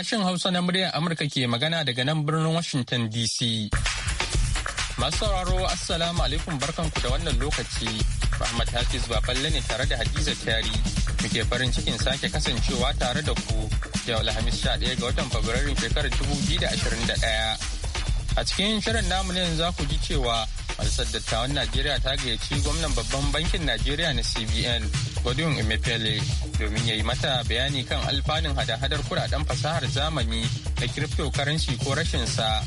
Sashen Hausa na muryar Amurka ke magana daga nan birnin Washington DC. Masu sauraro Assalamu alaikum barkanku da wannan lokaci. Muhammad Hafiz Baballe ne tare da Hadiza Kyari. Muke farin cikin sake kasancewa tare da ku yau Alhamis sha 11 ga watan Fabrairu shekarar 2021. A cikin shirin namu ne za ku ji cewa Majalisar Dattawan Najeriya ta gayyaci gwamnan babban bankin Najeriya na CBN Godwin Emefiele domin ya yi mata bayani kan alfanun hada-hadar kudaden fasahar zamani da cryptocurrency ko rashin sa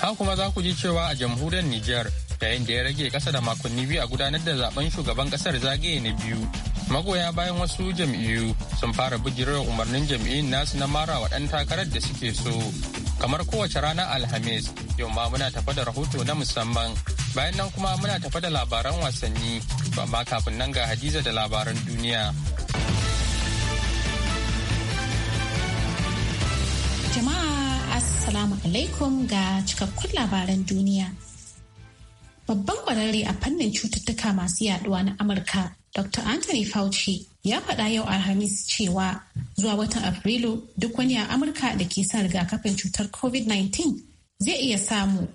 Ha kuma za ku ji cewa a jamhuriyar Nijar yayin da ya rage ƙasa da makonni biyu a gudanar da zaben shugaban ƙasar zagaye na biyu. Magoya bayan wasu jam'iyyu sun fara bijirar umarnin jam'iyyun nasu na mara wa ɗan takarar da suke so. Kamar kowace rana Alhamis, yau ma muna tafa da rahoto na musamman Bayan nan kuma muna tafa da labaran wasanni, Ba ma kafin nan ga Hadiza da labaran duniya. Jama'a Assalamu alaikum ga cikakkun labaran duniya. Babban kwararre a fannin cututtuka masu yaduwa na Amurka, Dr. Anthony Fauci ya faɗa yau Alhamis cewa zuwa watan Afrilu duk wani a Amurka da ke son rigakafin cutar COVID-19 zai iya samu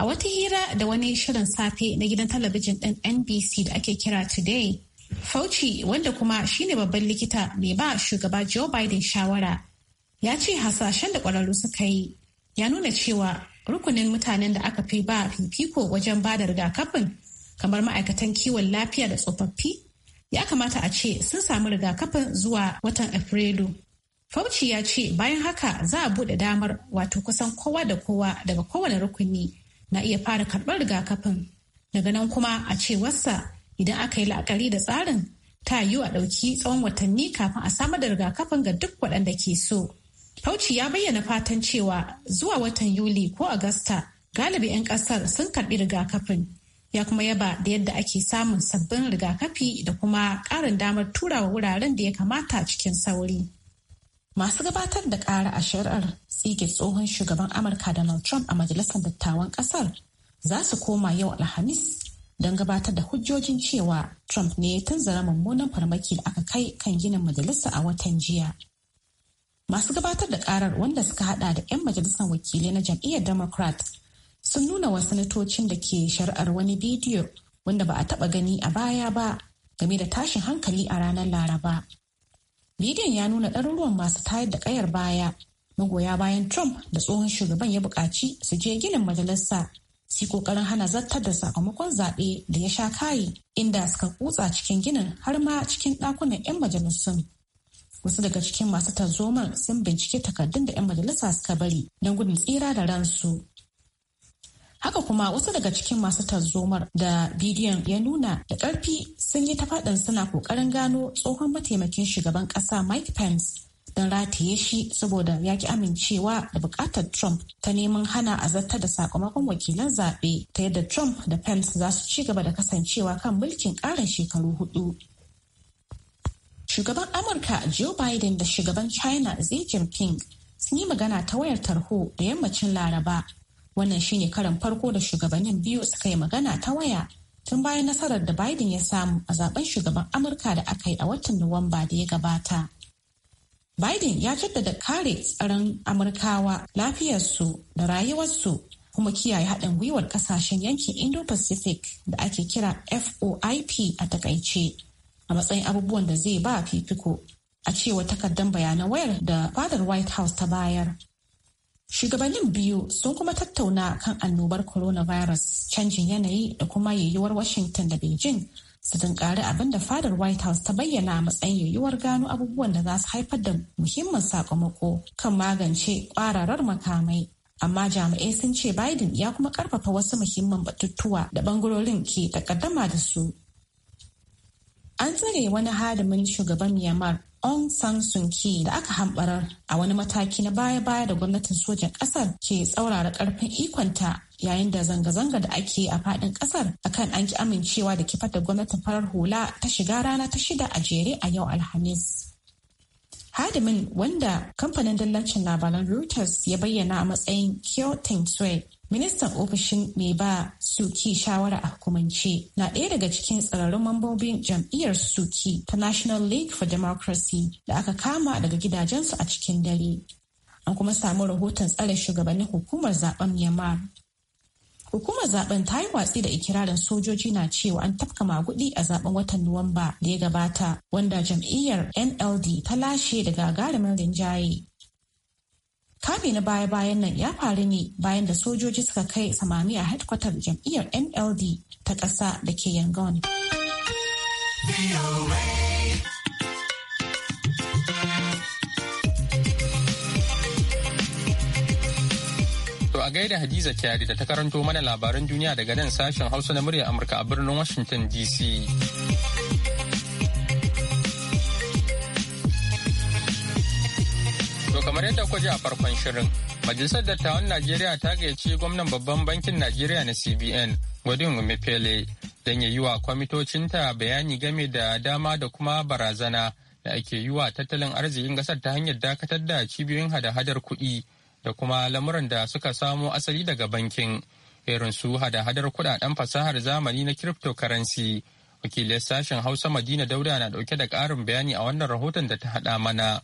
A wata hira da wani shirin safe na gidan talabijin ɗin NBC da ake kira Today, Fauci wanda kuma shine babban likita mai ba shugaba Joe Biden shawara ya ce hasashen da ƙwararru suka yi ya nuna cewa rukunin mutanen da aka fi ba fifiko wajen ba da rigakafin kamar ma'aikatan kiwon lafiya da tsofaffi ya kamata a ce sun samu rigakafin zuwa watan Afrilu. Fauci ya ce bayan haka za a buɗe damar wato kusan kowa da kowa daga kowane rukuni na iya fara karɓar rigakafin daga nan kuma a cewarsa idan aka yi la'akari da tsarin ta yiwu a ɗauki tsawon watanni kafin a samar da rigakafin ga duk waɗanda ke so. Fauci ya bayyana fatan cewa zuwa watan Yuli ko Agusta galibi 'yan ƙasar sun karɓi rigakafin ya kuma yaba da yadda ake samun sabbin rigakafi da kuma ƙarin damar turawa wuraren da ya kamata cikin sauri. masu gabatar da ƙara a shari'ar tsige tsohon shugaban amurka donald trump a majalisar dattawan ƙasar za su koma yau alhamis don gabatar da hujjojin cewa trump ne ya tunzara mummunan farmaki da aka kai kan ginin majalisa a watan jiya masu gabatar da karar wanda suka hada da 'yan majalisar wakilai na jam'iyyar democrat sun nuna wasu sanatocin da ke shari'ar wani bidiyo wanda ba a taba gani a baya ba game da tashin hankali a ranar laraba Bidiyon ya nuna ɗaruruwan masu tayar da ƙayar baya. Magoya bayan Trump da tsohon shugaban ya buƙaci su je ginin majalisa si ƙoƙarin hana zartar da sakamakon zaɓe da ya sha kayi inda suka kutsa cikin ginin har ma cikin ɗakunan 'yan majalisun. Wasu daga cikin masu tarzoman sun bincike takardun da 'yan majalisa suka bari don gudun tsira da ransu. haka kuma wasu daga cikin masu tarzomar da bidiyon ya nuna da ƙarfi sun yi ta faɗin suna ƙoƙarin gano tsohon mataimakin shugaban ƙasa mike pence don rataye shi saboda ya ki amincewa da buƙatar Trump ta neman hana a zarta da sakamakon wakilan zaɓe ta yadda Trump da Pence za su ci gaba da kasancewa kan mulkin ƙarin shekaru hudu. Shugaban Amurka Joe Biden da shugaban China Xi Jinping sun yi magana ta wayar tarho da yammacin Laraba Wannan shine karan farko da shugabannin biyu suka yi magana ta waya tun bayan nasarar da Biden ya samu a zaben shugaban Amurka da aka yi a watan Nuwamba da ya gabata. Biden ya jaddada kare tsaron Amurkawa lafiyarsu da rayuwarsu kuma kiyaye haɗin gwiwar ƙasashen yankin Indo-Pacific da ake kira FOIP a takaice a matsayin abubuwan da zai ba fifiko a cewa takardar bayanan wayar da fadar White House ta bayar. Shugabannin biyu sun kuma tattauna kan annobar coronavirus, canjin yanayi da kuma yayuwar Washington da Beijing su tunkari abin da fadar White House ta bayyana a matsayin yayuwar gano abubuwan da za su haifar da muhimman sakamako kan magance kwararar makamai. Amma jami'ai sun ce Biden ya kuma karfafa wasu muhimman batutuwa da bangarorin ke takaddama da su. An tsare wani hadimin shugaban Myanmar Aung San Suu Kyi da aka hambarar a wani mataki na baya-baya da gwamnatin sojan ƙasar ke tsaurara ƙarfin ikonta yayin da zanga-zanga da ake a faɗin ƙasar akan an ki amincewa da kifar da gwamnatin farar hula ta shiga rana ta shida a jere a yau Alhamis. Hadimin wanda kamfanin dallacin labaran Reuters ya bayyana a matsayin Kyo Teng Ministan ofishin mai ba Suki shawara a hukumance na ɗaya daga cikin tsararrun mambobin jam'iyyar Suki ta National League for Democracy da aka kama daga gidajensu a cikin dare. An kuma samu rahoton tsare shugabannin hukumar zaben Myanmar. Hukumar zaben ta yi watsi da ikirarin sojoji na cewa an tafka magudi a zaben watan Nuwamba da ya gabata wanda jam'iyyar NLD ta lashe da gagarumin rinjaye. Kame na baya-bayan nan ya faru ne bayan da sojoji suka kai samami a hedkwatar jam'iyyar NLD ta ƙasa da ke Yangon. To a gaida Hadiza Kyari da ta karanto mana labaran duniya daga nan sashen Hausa na murya Amurka a birnin Washington DC. kamar yadda ku ji a farkon shirin majalisar dattawan najeriya ta gayyaci gwamnan babban bankin najeriya na cbn godin umefele don ya yi wa kwamitocinta bayani game da dama da kuma barazana da ake yi wa tattalin arzikin ƙasar ta hanyar dakatar da cibiyoyin hada-hadar kuɗi da kuma lamuran da suka samo asali daga bankin irin su hada-hadar kuɗaɗen fasahar zamani na cryptocurrency wakilin sashen hausa madina dauda na ɗauke da ƙarin bayani a wannan rahoton da ta haɗa mana.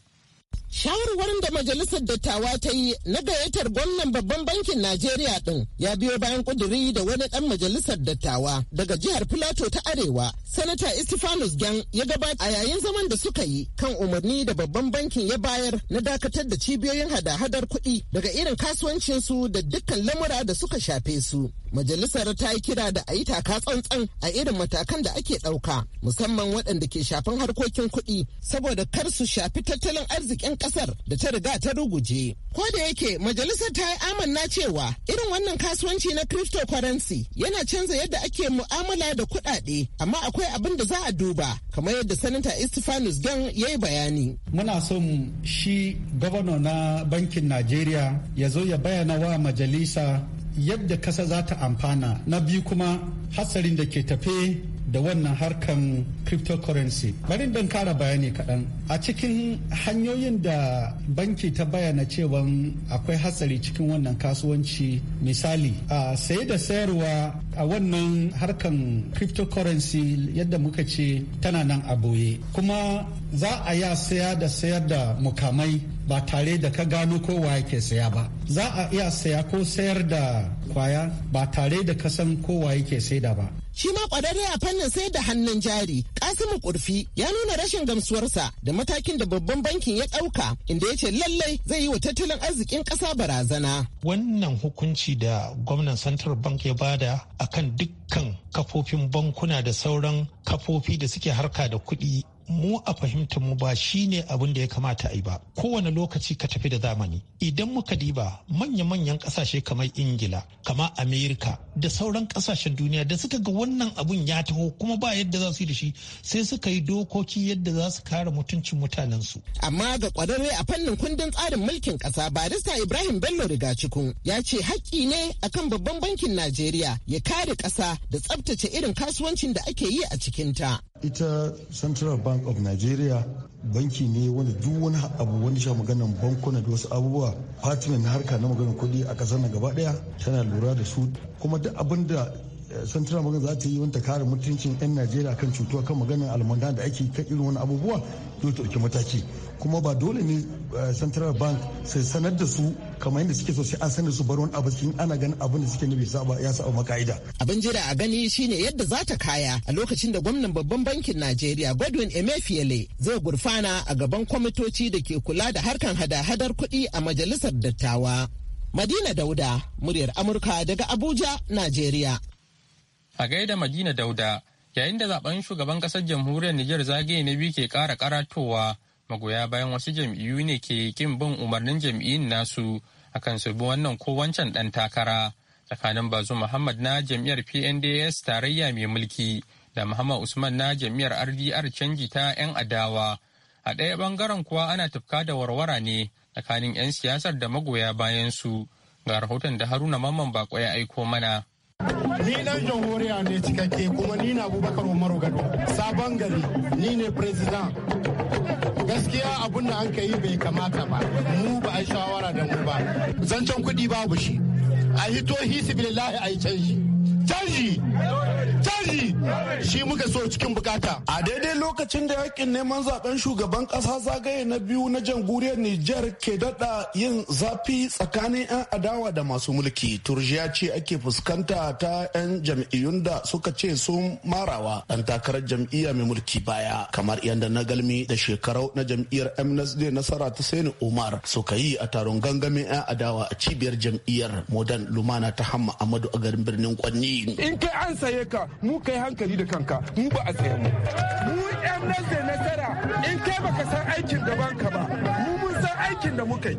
Shawarwarin da Majalisar Dattawa ta yi na gayyatar gwamnan babban bankin Najeriya ɗin ya biyo bayan ƙuduri da wani ɗan Majalisar Dattawa daga jihar Filato ta Arewa sanata Istifanus Gyan ya gabata a yayin zaman da suka yi kan umarni da babban bankin ya bayar na dakatar da cibiyoyin hada-hadar kuɗi daga irin kasuwancinsu da dukkan lamura da suka shafe su. Majalisar ta yi kira da a yi taka tsantsan a irin matakan da ake ɗauka musamman waɗanda ke shafin harkokin kuɗi saboda kar su shafi tattalin arzikin ƙasar da ta riga ta ruguje. Ko da yake majalisar ta yi amanna cewa irin wannan kasuwanci na cryptocurrency yana canza yadda ake mu'amala da kuɗaɗe amma akwai akwai abin da za a duba kamar yadda sanata istifanus gan ya yi bayani muna son shi gwamna na bankin najeriya ya zo ya bayyana wa majalisa yadda kasa za ta amfana na biyu kuma hatsarin da ke tafe da wannan harkan cryptocurrency bari dan kara bayani kaɗan a cikin hanyoyin da banki ta bayyana cewa akwai hatsari cikin wannan kasuwanci misali a saye da sayarwa a wannan harkan cryptocurrency yadda muka ce tana nan a boye kuma za a ya saya da sayar da mukamai ba tare da ka gano kowa yake saya ba za a iya saya ko sayar da kwaya ba tare da kasan kowa yake saida ba shi ma kwararre a fannin sai da hannun jari kasimu kurfi ya nuna rashin gamsuwarsa da matakin da babban bankin ya ɗauka inda ya ce lallai zai yi wa tattalin arzikin ƙasa barazana wannan hukunci da gwamnan central bank ya bada a kan dukkan kafofin bankuna da sauran kafofi da suke harka da kuɗi mu a fahimtar mu ba shi ne abin da ya kamata a yi ba kowane lokaci ka tafi da zamani idan muka diba manya-manyan kasashe kamar ingila kamar amerika da sauran kasashen duniya da suka ga wannan abun ya taho kuma ba yadda za su yi da shi sai suka yi dokoki yadda za su kare mutuncin mutanensu amma ga kwararre a fannin kundin tsarin mulkin kasa barista ibrahim bello rigacikun ya ce haƙƙi ne akan babban bankin najeriya ya kare kasa da tsabtace irin kasuwancin da ake yi a cikinta ita central bank of nigeria banki ne wanda duk wani abu wani sha maganan bankuna da wasu abubuwa fatimin na harka na maganin kuɗi a ƙasar na gaba ɗaya tana lura da su kuma duk abin da central bank za ta yi wanta kare mutuncin 'yan najeriya kan cutuwa kan maganin almanda da ake kan irin wani abubuwa dole ta ɗauki mataki kuma ba dole ne eh, central bank sai sanar da su kamar yadda suke so sai an sanar da su bar wani abu cikin ana ganin abin da suke nufi saba ya saba maka'ida. abin jira a gani shine yadda za ta kaya a lokacin da gwamnan babban bankin najeriya godwin emefiele zai gurfana a gaban kwamitoci da ke kula da harkan hada-hadar kuɗi a majalisar dattawa madina dauda muryar amurka daga abuja najeriya A gaida Madina Dauda, yayin da zaben shugaban kasar jamhuriyar Nijar zagaye na biyu ke ƙara karatowa, magoya bayan wasu jam'iyyu ne ke kin bin umarnin jam'iyyun nasu akan su bi wannan ko wancan ɗan takara. Tsakanin Bazu Muhammad na jam'iyyar PNDS tarayya mai mulki da Muhammad Usman na jam'iyyar RDR canji ta 'yan adawa. A ɗaya ɓangaren kuwa ana tufka da warwara ne tsakanin 'yan siyasar da magoya bayan su. Ga rahoton da Haruna Mamman Bako ya aiko mana. Ni nan jamhuriya ne cikakke kuma ni na Abubakar Umaru Gado. Sabon gari ni ne president. Gaskiya abun da an yi bai kamata ba. Mu ba a shawara da mu ba. Zancen kuɗi babu shi. A hito hisibilillahi a yi canji. canji canji shi muka so cikin bukata a daidai lokacin da yakin neman zaben shugaban kasa zagaye na biyu na jamhuriyar Nijar ke dada yin zafi tsakanin 'yan adawa da masu mulki turjiya ce ake fuskanta ta 'yan jam'iyyun da suka ce sun marawa dan takarar jam'iyya mai mulki baya kamar yadda na galmi da shekarau na jam'iyyar MNSD nasara ta Sani Umar suka yi a taron gangamin 'yan adawa a cibiyar jam'iyyar modan Lumana ta Hamma Amadu a garin birnin Kwanni in kai an saye ka mu kai hankali da kanka mu ba a tsaye mu mu yan nan nasara in kai baka san aikin gaban ka ba mu mun san aikin da muka yi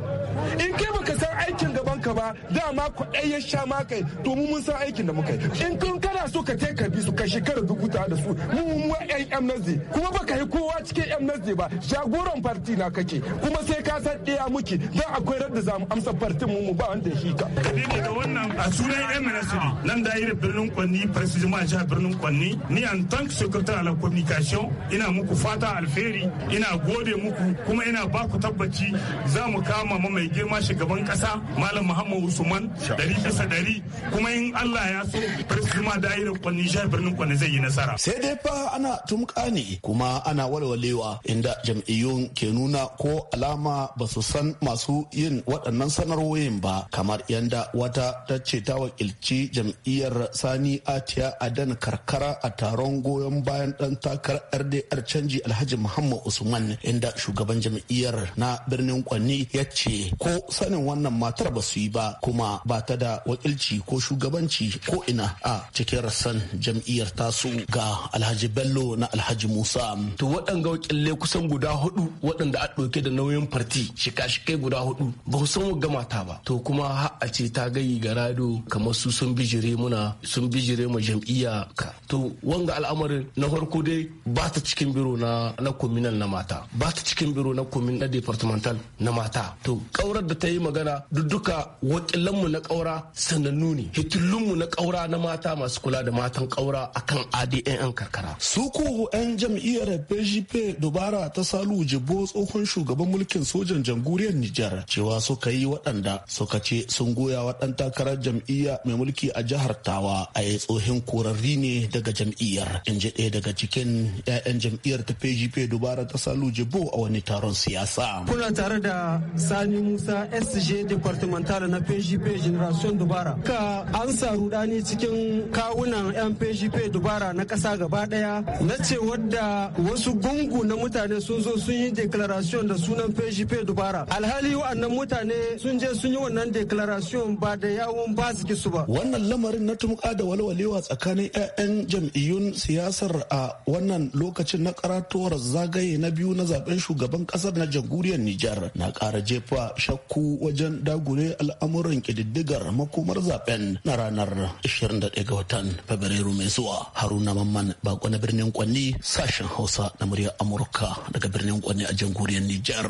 in kai baka san aikin gaban haka ba dama ku ya sha ma kai domin mun san aikin da muka yi in kun kana so ka je ka bi su ka shekara dubu ta da su mu mu yan amnesty kuma ba ka yi kowa cikin amnesty ba jagoran farti na kake kuma sai ka san ɗaya muke don akwai radda za mu amsa fartin mu mu ba wanda shi ka. Kadima da wannan a sunan yan amnesty nan da yi birnin kwanni president ma jihar birnin kwanni ni an tank secretary ala communication ina muku fata alferi ina gode muku kuma ina ba ku tabbaci za mu kama mai girma shugaban kasa malam Muhammad Usman dari bisa dari kuma in Allah ya so da da'irar kwan Nijar birnin kwan zai yi nasara. Sai dai fa ana tumka ne kuma ana walwalewa inda jam'iyyun ke nuna ko alama ba su san masu yin waɗannan sanarwoyin ba kamar yanda wata ta ce ta wakilci jam'iyyar Sani Atiya a dan Karkara a taron goyon bayan ɗan takarar RDR canji Alhaji Muhammad Usman inda shugaban jam'iyyar na birnin Kwanni ya ce ko sanin wannan matar ba su yi yi ba kuma ba ta da wakilci ko shugabanci ko ina a cikin rassan jam'iyyar tasu ga alhaji bello na alhaji musa to waɗanga wakilai kusan guda hudu waɗanda a ɗauke da nauyin farti shika-shikai guda hudu ba san ga mata ba to kuma har a ce ta gayi ga rado kamar su sun bijire muna sun bijire ma jam'iyya ka to wanga al'amarin na farko dai ba ta cikin biro na na communal na mata ba ta cikin biro na communal na departmental na mata to kaurar da ta yi magana duk duka wakilanmu na ƙaura sanannu ne hitilunmu na ƙaura na mata masu kula da matan ƙaura akan adn karkara su ko 'yan jam'iyyar pgp dubara ta salu jibo tsohon shugaban mulkin sojan jamhuriyar nijar cewa suka yi waɗanda suka ce sun goya waɗan takarar jam'iyya mai mulki a jihar tawa a yi tsohin korarri ne daga jam'iyyar in ji ɗaya daga cikin 'ya'yan jam'iyyar ta pgp dubara ta salu jibo a wani taron siyasa kuna tare da sani musa sj departmental misali na PGP Generation Dubara. Ka an sa rudani cikin kawunan 'yan PGP Dubara na ƙasa gaba ɗaya na ce wadda wasu gungu na mutane sun zo sun yi declaration da sunan PGP Dubara. Alhali wa'annan mutane sun je sun yi wannan declaration ba da yawon ba su ba. Wannan lamarin na tumka da walwalewa tsakanin 'ya'yan jam'iyyun siyasar a wannan lokacin na karatuwar zagaye na biyu na zaben shugaban kasar na jamhuriyar Nijar na kara jefa shakku wajen dagure al'amuran kididdigar makomar zaben na ranar 21 ga watan Fabrairu mai zuwa. Haruna Mamman bako na birnin Kwanni sashen Hausa na muryar Amurka daga birnin Kwanni a jamhuriyar Nijar.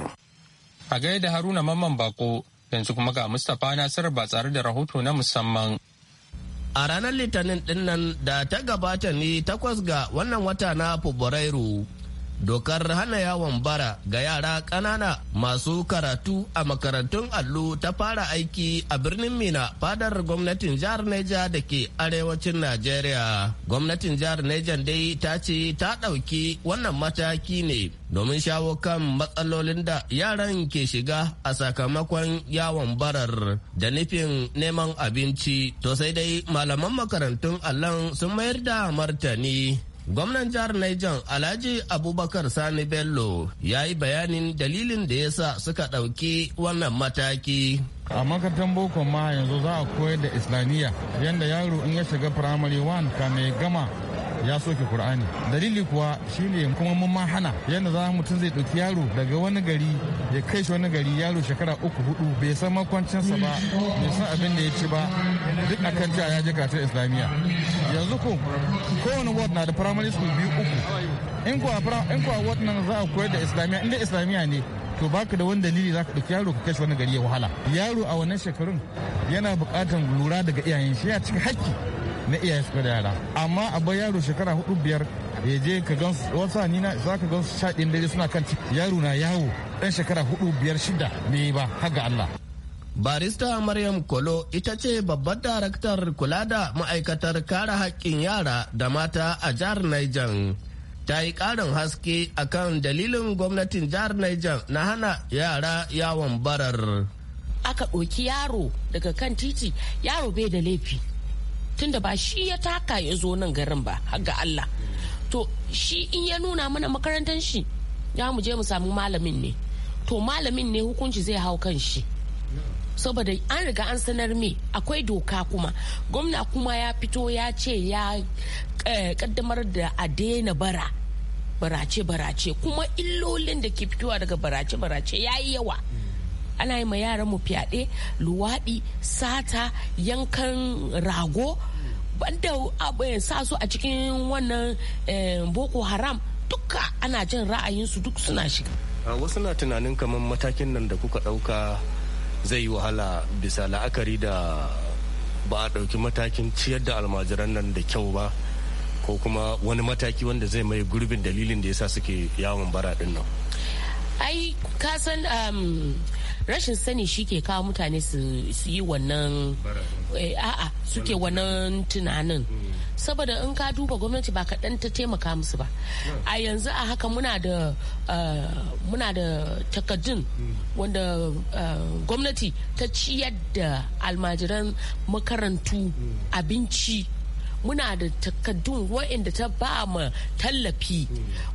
A gaida Haruna Mamman bako yanzu kuma ga Mustapha nasir ba tsare da rahoto na musamman. A ranar Litinin dinnan da ta gabata ne takwas ga wannan wata na Fabrairu dokar hana yawon bara ga yara ƙanana masu karatu a makarantun allo ta fara aiki a birnin mina fadar gwamnatin jihar neja da ke arewacin najeriya gwamnatin jihar neja dai ta ce ta ɗauki wannan mataki ne domin shawo kan matsalolin da yaran ke shiga a sakamakon yawon barar da nufin neman abinci to sai dai malaman makarantun allon sun mayar da martani Gwamnan jihar Niger Alhaji Abubakar Sani Bello ya yi bayanin dalilin da ya sa suka ɗauki wannan mataki. a makarantar boko ma yanzu za a koyar da islamiyya yadda yaro in ya shiga firamare 1 ka mai gama ya soke Kur'ani. Dalili kuwa shine kuma mun ma hana yadda za mutum zai ɗauki yaro daga wani gari ya kai shi wani gari yaro shekara uku hudu bai san makwancinsa ba bai san abin da ya ci ba duk akan cewa ya je kasar islamiyya yanzu ko kowane ward na da primary school biyu uku in kuwa in kuwa ward nan za a koyar da islamiyya inda islamiyya ne to baka da wani dalili za ka ɗauki yaro ka kai shi wani gari ya wahala yaro a wannan shekarun yana buƙatar lura daga iyayen shi ya cika hakki na iya iska da yara amma a bar yaro shekara hudu biyar ya je ka gan wasu ni na za ka gan su sha ɗin dare suna kan yaro na yawo ɗan shekara hudu biyar shida ne ba haga Allah Barista Maryam Kolo ita ce babbar daraktar kula da ma'aikatar kare haƙƙin yara da mata a jihar Niger. Ta yi ƙarin haske akan dalilin gwamnatin jihar Niger na hana yara yawon barar. Aka ɗoki yaro daga kan titi, yaro bai da laifi. tunda ba shi ya taka ya zo nan garin ba ga Allah to shi in ya nuna mana makarantar shi ya mu je mu samu malamin ne to malamin ne hukunci zai hau kan shi saboda an riga an sanar me akwai doka kuma gwamna kuma ya fito ya ce ya eh, kaddamar da a daina bara barace barace kuma illolin da ke fitowa daga barace barace ya yi yawa ana yi ma yaran mu fyaɗe luwaɗi sata yankan rago banda sa su a cikin wannan eh, boko haram duka ana jin ra'ayinsu duk suna shiga wasu na tunanin kamar matakin nan da kuka ɗauka zai yi wahala bisa la'akari da ba a ɗauki matakin ciyar da almajiran nan da kyau ba ko kuma wani mataki wanda zai mai gurbin dalilin da yasa suke yawon bara ɗin nan ai kasan um, rashin sani shi ke kawo mutane su yi wannan eh, a'a suke wannan tunanin hmm. saboda in ka duba gwamnati ba kaɗan ta taimaka musu ba hmm. a yanzu a haka muna da eh, muna da takaddun hmm. wanda eh, gwamnati ta ciyar da almajiran makarantu abinci muna da takaddun wa'inda ta ba mu tallafi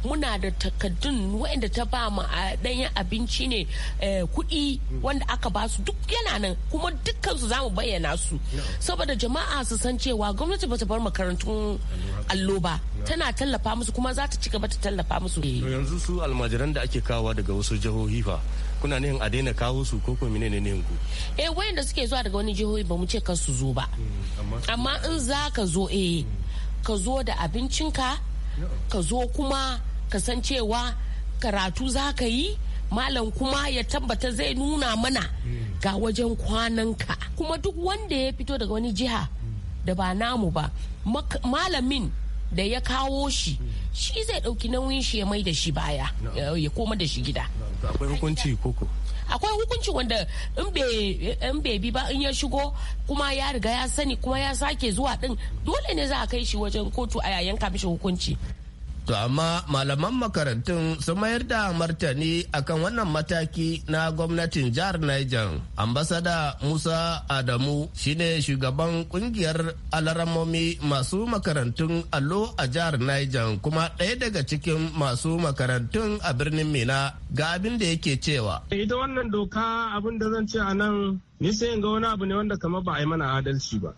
muna da takaddun wa'inda ta ba mu ma ɗanyen abinci ne eh, kuɗi wanda aka ba su duk yana nan kuma dukkan su zamu bayyana su saboda jama'a su san cewa gwamnati ba ta bar makarantun allo ba tana tallafa musu kuma za ta ci gaba ta tallafa musu yanzu su almajiran da ake kawo daga wasu jihohi fa kuna nihin a daina kawo su ko kuma menene ne ku eh wayanda suke zuwa daga wani jihohi ba mu ce kar su zo ba mm, amma in za ka zo eh, eh ka zo da abincinka ka zo kuma ka san cewa karatu za ka yi malam kuma ya tabbata zai nuna mana ga wajen kwananka kuma duk wanda ya fito daga wani jiha da ba namu ba malamin da ya kawo shi shi zai dauki nauyin shi ya mai da shi baya ya koma da shi gida akwai hukunci koko akwai hukunci wanda in bai bi ba in ya shigo kuma ya riga ya sani kuma ya sake zuwa din dole ne za a kai shi wajen kotu a yayin mishi hukunci To amma malaman makarantun sun mayar da martani akan wannan mataki na gwamnatin jihar Niger. Ambasada Musa Adamu shine shugaban kungiyar alaramomi masu makarantun allo a jihar Niger kuma ɗaya daga cikin masu makarantun a birnin Mina ga abin da yake cewa. Ita wannan doka abin da zan ce a nan nisan ga wani abu ne wanda kama ba a yi mana adalci ba.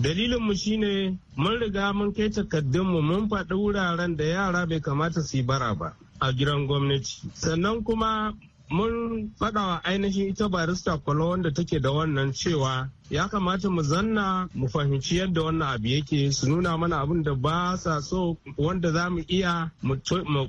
Dalilinmu shine mun riga mun kai takardunmu mun faɗi wuraren da yara bai kamata su yi bara ba a gidan gwamnati. Sannan kuma mun faɗawa ainihin ita barista kwalo wanda take da wannan cewa ya kamata mu zanna mu fahimci yadda wannan abu yake su nuna mana abin da ba sa so wanda za mu iya mu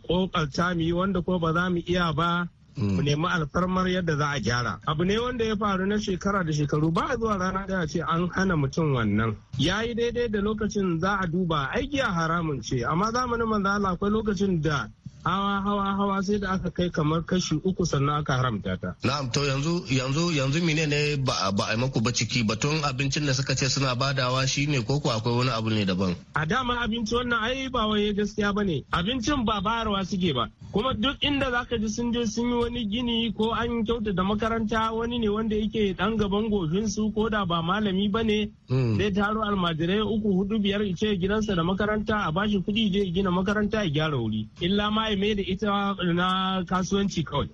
kokarta mu yi wanda ko ba za mu iya ba Mm. ku nemi alfarmar yadda za a gyara abu ne wanda ya faru na shekara da shekaru ba a zuwa rana da ce an hana mutum wannan ya yi daidai da lokacin za a duba aiki a haramun ce amma zamanin manzala akwai lokacin da hawa hawa hawa sai da aka kai kamar kashi uku sannan aka haramta ta. Na'am to yanzu yanzu yanzu mine ne ba ba a maku ba ciki batun abincin da suka ce suna badawa shine ko ko akwai wani abu ne daban. A dama abinci wannan ai ba wai gaskiya bane abincin ba bayarwa suke ba kuma duk inda zaka ji sun je sun yi wani gini ko an kyautata makaranta wani ne wanda yake dan gaban gobin su ko da ba malami bane hmm. zai taro almajirai uku hudu biyar ce gidansa da makaranta a bashi kuɗi je gina makaranta ya gyara wuri illa ma a mai da ita na kasuwanci kawai.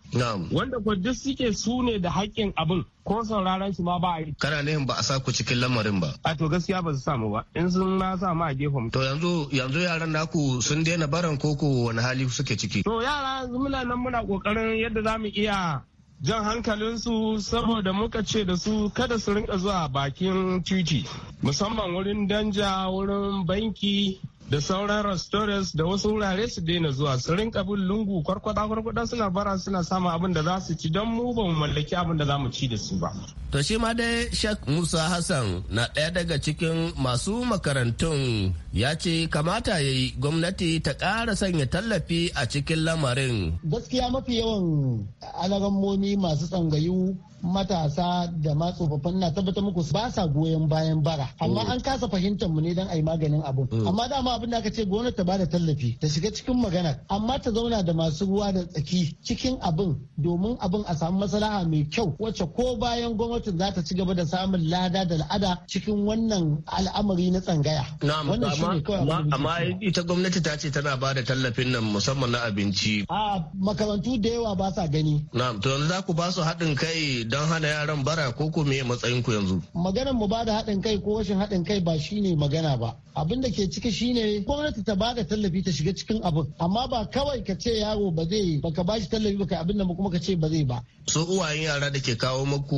Wanda kwa duk suke su ne da haƙƙin abin ko sauraron shi ma ba a yi. Kana nihin ba a sa ku cikin lamarin ba. A to gaskiya ba su samu ba in sun na sa ma a gefen. To yanzu yanzu yaran naku sun daina baran koko wani hali suke ciki. To yara muna nan muna kokarin yadda za mu iya jan hankalinsu saboda muka ce da su kada su rinka zuwa bakin titi musamman wurin danja wurin banki da sauran restaurants da wasu wurare su daina zuwa su rinka bin lungu kwarkwada kwarkwada suna bara suna samun abin da za su ci don mu ba mu mallaki abin da za mu ci da su ba. To shi ma dai Sheikh Musa Hassan na ɗaya daga cikin masu makarantun ya ce kamata ya yi gwamnati ta ƙara sanya tallafi a cikin lamarin. Gaskiya mafi yawan alarammomi masu tsangayu matasa da ma tsofaffin na tabbata muku ba sa goyon bayan bara amma mm. an kasa fahimtar mu ne dan yi maganin abun mm. amma dama abin da aka ce gwamnati ta bada tallafi ta shiga cikin magana amma ta zauna da masu ruwa da tsaki cikin abin domin abin a samu maslaha mai kyau wacce ko bayan gwamnati za ta ci gaba da samun lada da al'ada cikin wannan al'amari na tsangaya amma ita gwamnati ta ce tana ba da tallafin nan musamman na abinci. A makarantu da yawa ba sa gani. Na to yanzu za ku ba su haɗin kai don hana yaran bara ko ko me matsayin ku yanzu. Maganar mu ba da haɗin kai ko rashin haɗin kai ba shine magana ba. abin da ke ciki shine gwamnati ta bada tallafi ta shiga cikin abin amma ba kawai ka ce yaro ba zai baka bashi tallafi ba kai abin da kuma ka ce ba zai ba so uwayen yara da ke kawo maku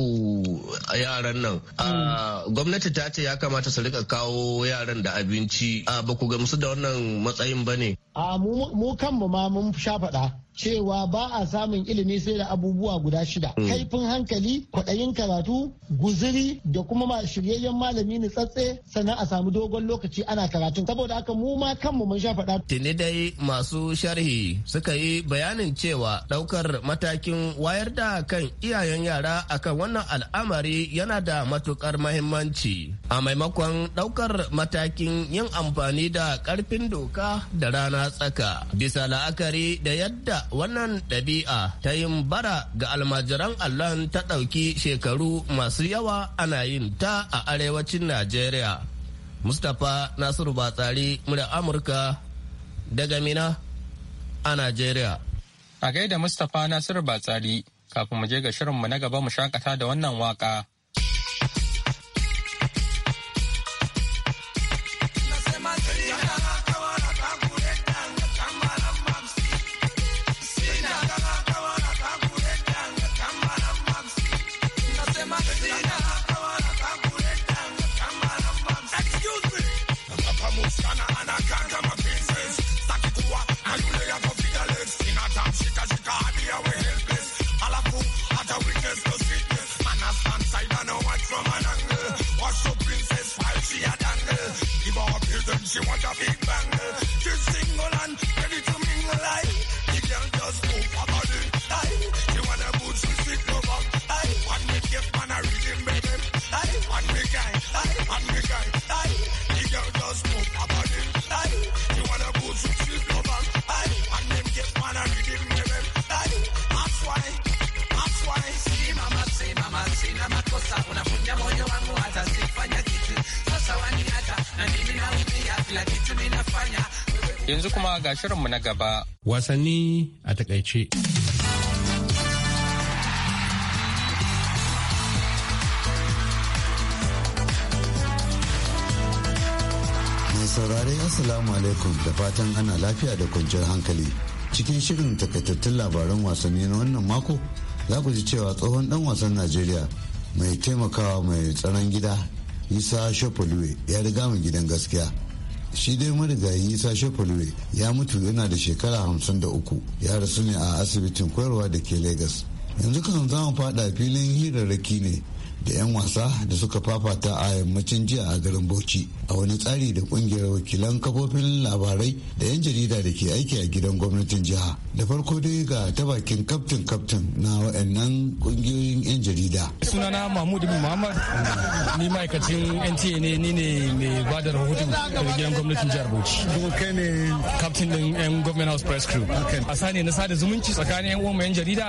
yaran nan mm. gwamnati ta ce ya kamata su rika kawo yaran da abinci ba ku gamsu da wannan matsayin ba ne a mu kanmu ma mun sha faɗa cewa ba a samun ilimi sai da abubuwa guda shida hmm. kaifin hankali kwaɗayin karatu guziri da kuma ma shiryayyen malami ni tsatse sannan a samu dogon lokaci ana karatu. saboda haka mu ma kanmu mun sha faɗa. tuni dai masu sharhi suka yi bayanin cewa ɗaukar matakin wayar da kan iyayen yara akan wannan al'amari yana da matukar mahimmanci a maimakon ɗaukar matakin yin amfani da ƙarfin doka da rana tsaka bisa la'akari da yadda wannan ɗabi'a ta yin bara ga almajiran allon ta ɗauki shekaru masu yawa ana yin ta a arewacin najeriya mustapha nasiru batsari murya amurka daga mina a najeriya a gaida mustapha nasiru batsari kafin mu je ga shirinmu na gaba mu shakata da wannan waka kuma ga shirinmu na gaba. Wasanni a takaice. saurare assalamu alaikum da fatan ana lafiya da kwanciyar hankali cikin shirin takaitattun labaran wasanni na wannan mako za ku ji cewa tsohon dan wasan najeriya mai taimakawa mai tsaron gida isa shafalwe ya riga mu gidan gaskiya shi dai marigayi isa shefalwe ya mutu yana da shekara hamsin da uku ya rasu ne a asibitin koyarwa da ke lagos yanzu kan zamu fada filin hirarraki ne da 'yan wasa da suka fafata a yammacin jiya a garin bauchi a wani tsari da kungiyar wakilan kafofin labarai da 'yan jarida da ke aiki a gidan gwamnatin jiha da farko dai ga ta bakin kaftin kaftin na wa'annan kungiyoyin 'yan jarida sunana mahmud bin muhammad ni ma'aikacin nta ne ni ne mai ba da rahoto daga gidan gwamnatin jihar bauchi kuma kai ne kaftin din 'yan government house press crew a sani na sada zumunci tsakanin 'yan uwan 'yan jarida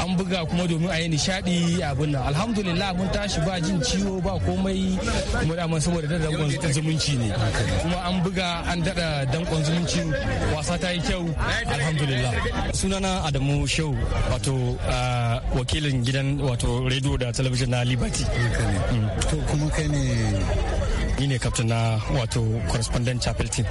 an buga kuma domin a yi nishadi abin nan alhamdulillah tashi ba jin ciwo ba komai kuma daman saboda da dankon zumunci ne kuma an buga an dada dankon zumunci wasa ta yi kyau alhamdulillah sunana adamu show wato wakilin gidan wato radio da talabijin na liberty mm. to kuma kai ne ni ne kaftin na wato correspondent chapel team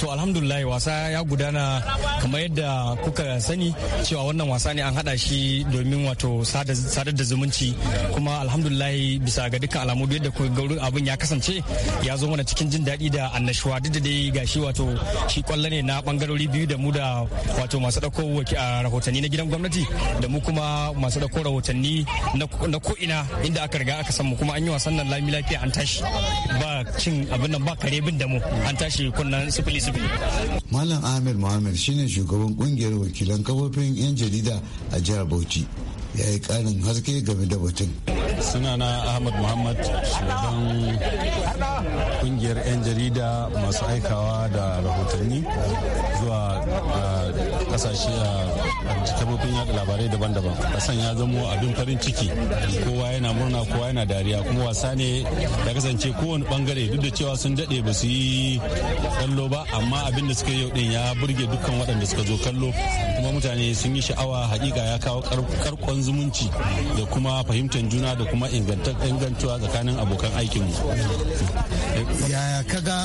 to alhamdulillah wasa ya gudana kamar yadda kuka sani cewa wannan wasa ne an hada shi domin wato sadar da zumunci kuma alhamdulillah bisa ga dukkan alamu yadda gaurin abin ya kasance ya zo mana cikin jin daɗi da annashuwa duk da dai gashi wato shi kwallo ne na bangarori biyu da mu da wato masu a rahotanni na gidan gwamnati da mu kuma masu ɗauko rahotanni na ko'ina inda aka riga aka san mu kuma an yi wasan nan lamila lafiya an tashi ba cin abin nan ba kare bin da mu an tashi kunnan sifili sifili. Malam Ahmed Mohamed shine shugaban kungiyar wakilan kafofin 'yan jarida a jihar Bauchi. ya yi karin haske game da batun. sunana ahmad muhammad shugaban kungiyar 'yan jarida masu aikawa da rahotanni zuwa kasashe a kafofin yada labarai daban-daban kasan ya zamo abin farin ciki kowa yana murna kowa yana dariya kuma wasa ne ya kasance kowane bangare duk da cewa sun dade ba su yi kallo ba amma abin da suka yi yau din ya burge dukkan waɗanda suka zo kallo kuma mutane sun yi sha'awa hakika ya kawo karkon zumunci da kuma fahimtar juna da kuma ingantuwa tsakanin abokan aikin mu. yaya kaga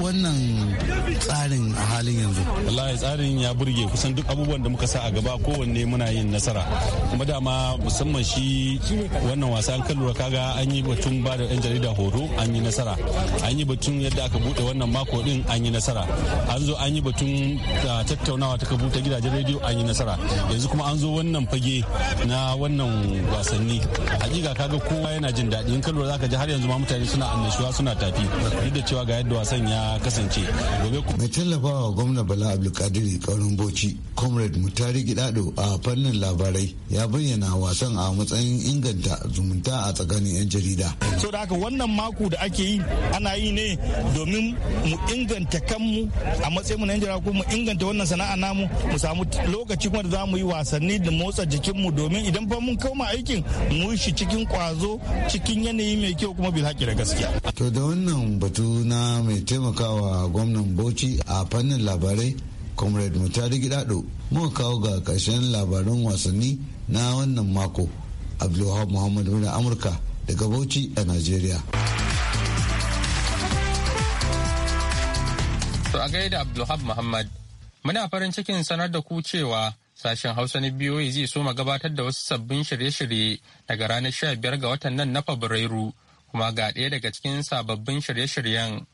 wannan tsarin a halin yanzu wallahi tsarin ya burge kusan duk abubuwan da muka sa a gaba kowanne muna yin nasara kuma dama musamman shi wannan wasa an kallura kaga an yi batun ba da yan jarida horo an yi nasara an yi batun yadda aka bude wannan mako din an yi nasara an zo an yi batun ah, tattaunawa ta kabu ta gidajen rediyo an yi nasara yanzu kuma an zo wannan fage na wannan wasanni hakika kaga kowa yana jin daɗi in kallura zaka ji har yanzu ma mutane suna annashuwa suna tafi duk da cewa ga yadda wasan ya kasance gobe mai tallafawa gwamna bala abdulkadir kaurin bauchi comrade mutari gidado a fannin labarai ya bayyana wasan a matsayin inganta zumunta a tsakanin 'yan jarida so da haka wannan mako da ake yi ana yi ne domin mu inganta kanmu a matsayin mu na 'yan jarida kuma mu inganta wannan sana'a namu mu samu lokaci kuma da za yi wasanni da motsa jikin mu domin idan fa mun koma aikin mu shi cikin kwazo cikin yanayi mai kyau kuma bil haƙi da gaskiya to da wannan batu na mai taimakawa gwamnan bauchi bauchi a fannin labarai comrade mutari gidado muka kawo ga ƙarshen labaran wasanni na wannan mako Abdullahi muhammad muna amurka daga bauchi a Najeriya. to a gaida Abdullahi muhammad muna farin cikin sanar da ku cewa sashen hausa na biyoyi zai so gabatar da wasu sabbin shirye-shirye daga ranar 15 ga watan nan na fabrairu kuma ga ɗaya daga cikin sababbin shirye-shiryen.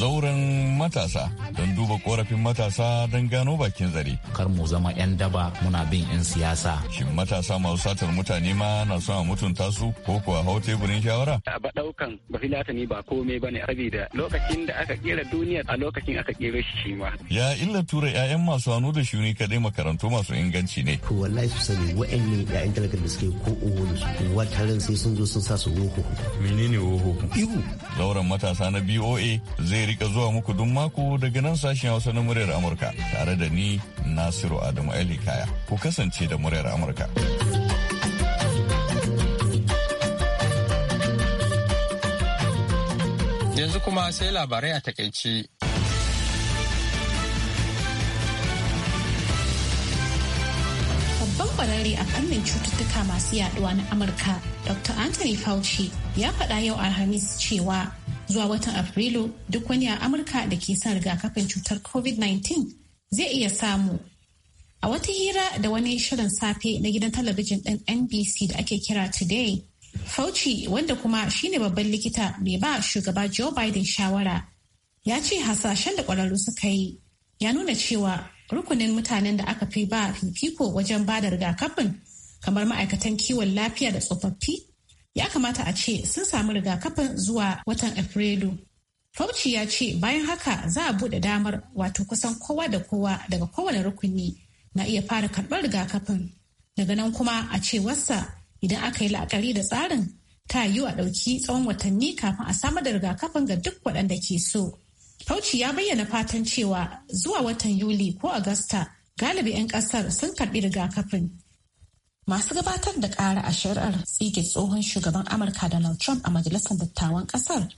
zauren matasa don duba korafin matasa don gano bakin zare. Kar mu zama 'yan daba muna bin 'yan siyasa. Shin matasa masu satar mutane ma na son a mutunta su ko kuwa hau teburin shawara? A ba daukan ba latani ba komai ba ne da lokacin da aka kera duniya a lokacin aka kera shi shi ma. Ya illa tura 'ya'yan masu hannu da shuni kadai makarantu masu inganci ne. To wallahi su sani wa'annan 'ya'yan talakar da suke ko uwa da su sai sun zo sun sa su woho. Menene woho? Ihu. Zauren matasa na BOA zai rika zuwa muku sabbin mako daga nan sashen Hausa na muryar Amurka tare da ni Nasiru Adamu Ali Kaya. Ku kasance da muryar Amurka. Yanzu kuma sai labarai a takaici. Babban kwararre a fannin cututtuka masu yaduwa na Amurka, Dr. Anthony Fauci ya faɗa yau Alhamis cewa zuwa watan afrilu duk wani a amurka da ke son rigakafin cutar covid-19 zai iya samu a wata hira da wani shirin safe na gidan talabijin ɗin nbc da ake kira today fauci wanda kuma shine babban likita mai ba shugaba joe biden shawara ya ce hasashen da ƙwararru suka yi ya nuna cewa rukunin mutanen da aka fi ba fifiko wajen ba da rigakafin kamar ma'aikatan kiwon lafiya da tsofaffi ya kamata a ce sun samu rigakafin zuwa watan afrilu fauci ya ce bayan haka za a buɗe damar wato kusan kowa da kowa daga kowane rukuni na iya fara karɓar rigakafin daga nan kuma a ce wasa idan aka yi la'akari da tsarin ta yi a ɗauki tsawon watanni kafin a samar da rigakafin ga duk waɗanda ke so fauci ya bayyana fatan cewa zuwa watan yuli ko agusta galibi 'yan ƙasar sun karɓi rigakafin Masu gabatar da ƙara a shari'ar tsige tsohon shugaban Amurka Donald Trump a majalisar dattawan ƙasar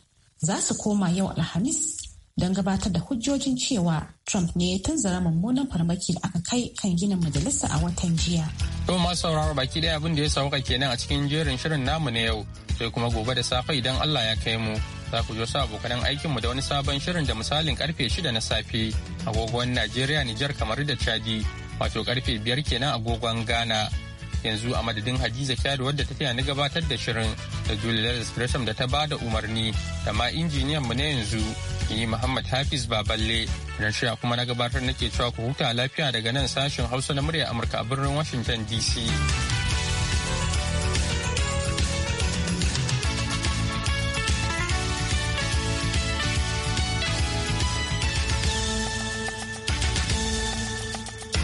za su koma yau Alhamis don gabatar da hujjojin cewa Trump ne ya tunzara mummunan farmaki da aka kai kan ginin majalisa a watan jiya. To masu sauraro baki ɗaya abin da ya sauka kenan a cikin jerin shirin namu na yau sai kuma gobe da safe idan Allah ya kai mu za ku zo sa abokan aikinmu da wani sabon shirin da misalin karfe shida na safe agogon Najeriya Nijar kamar da Chadi wato karfe biyar kenan agogon Ghana. yanzu a madadin hadiza kyaru wadda ta taya ni gabatar da shirin da julius gresham da ta ba da umarni da ma injiniyan mu na yanzu ni muhammad hafiz baballe na shirya kuma na gabatar nake cewa ku huta lafiya daga nan sashen hausa na murya amurka a birnin washington dc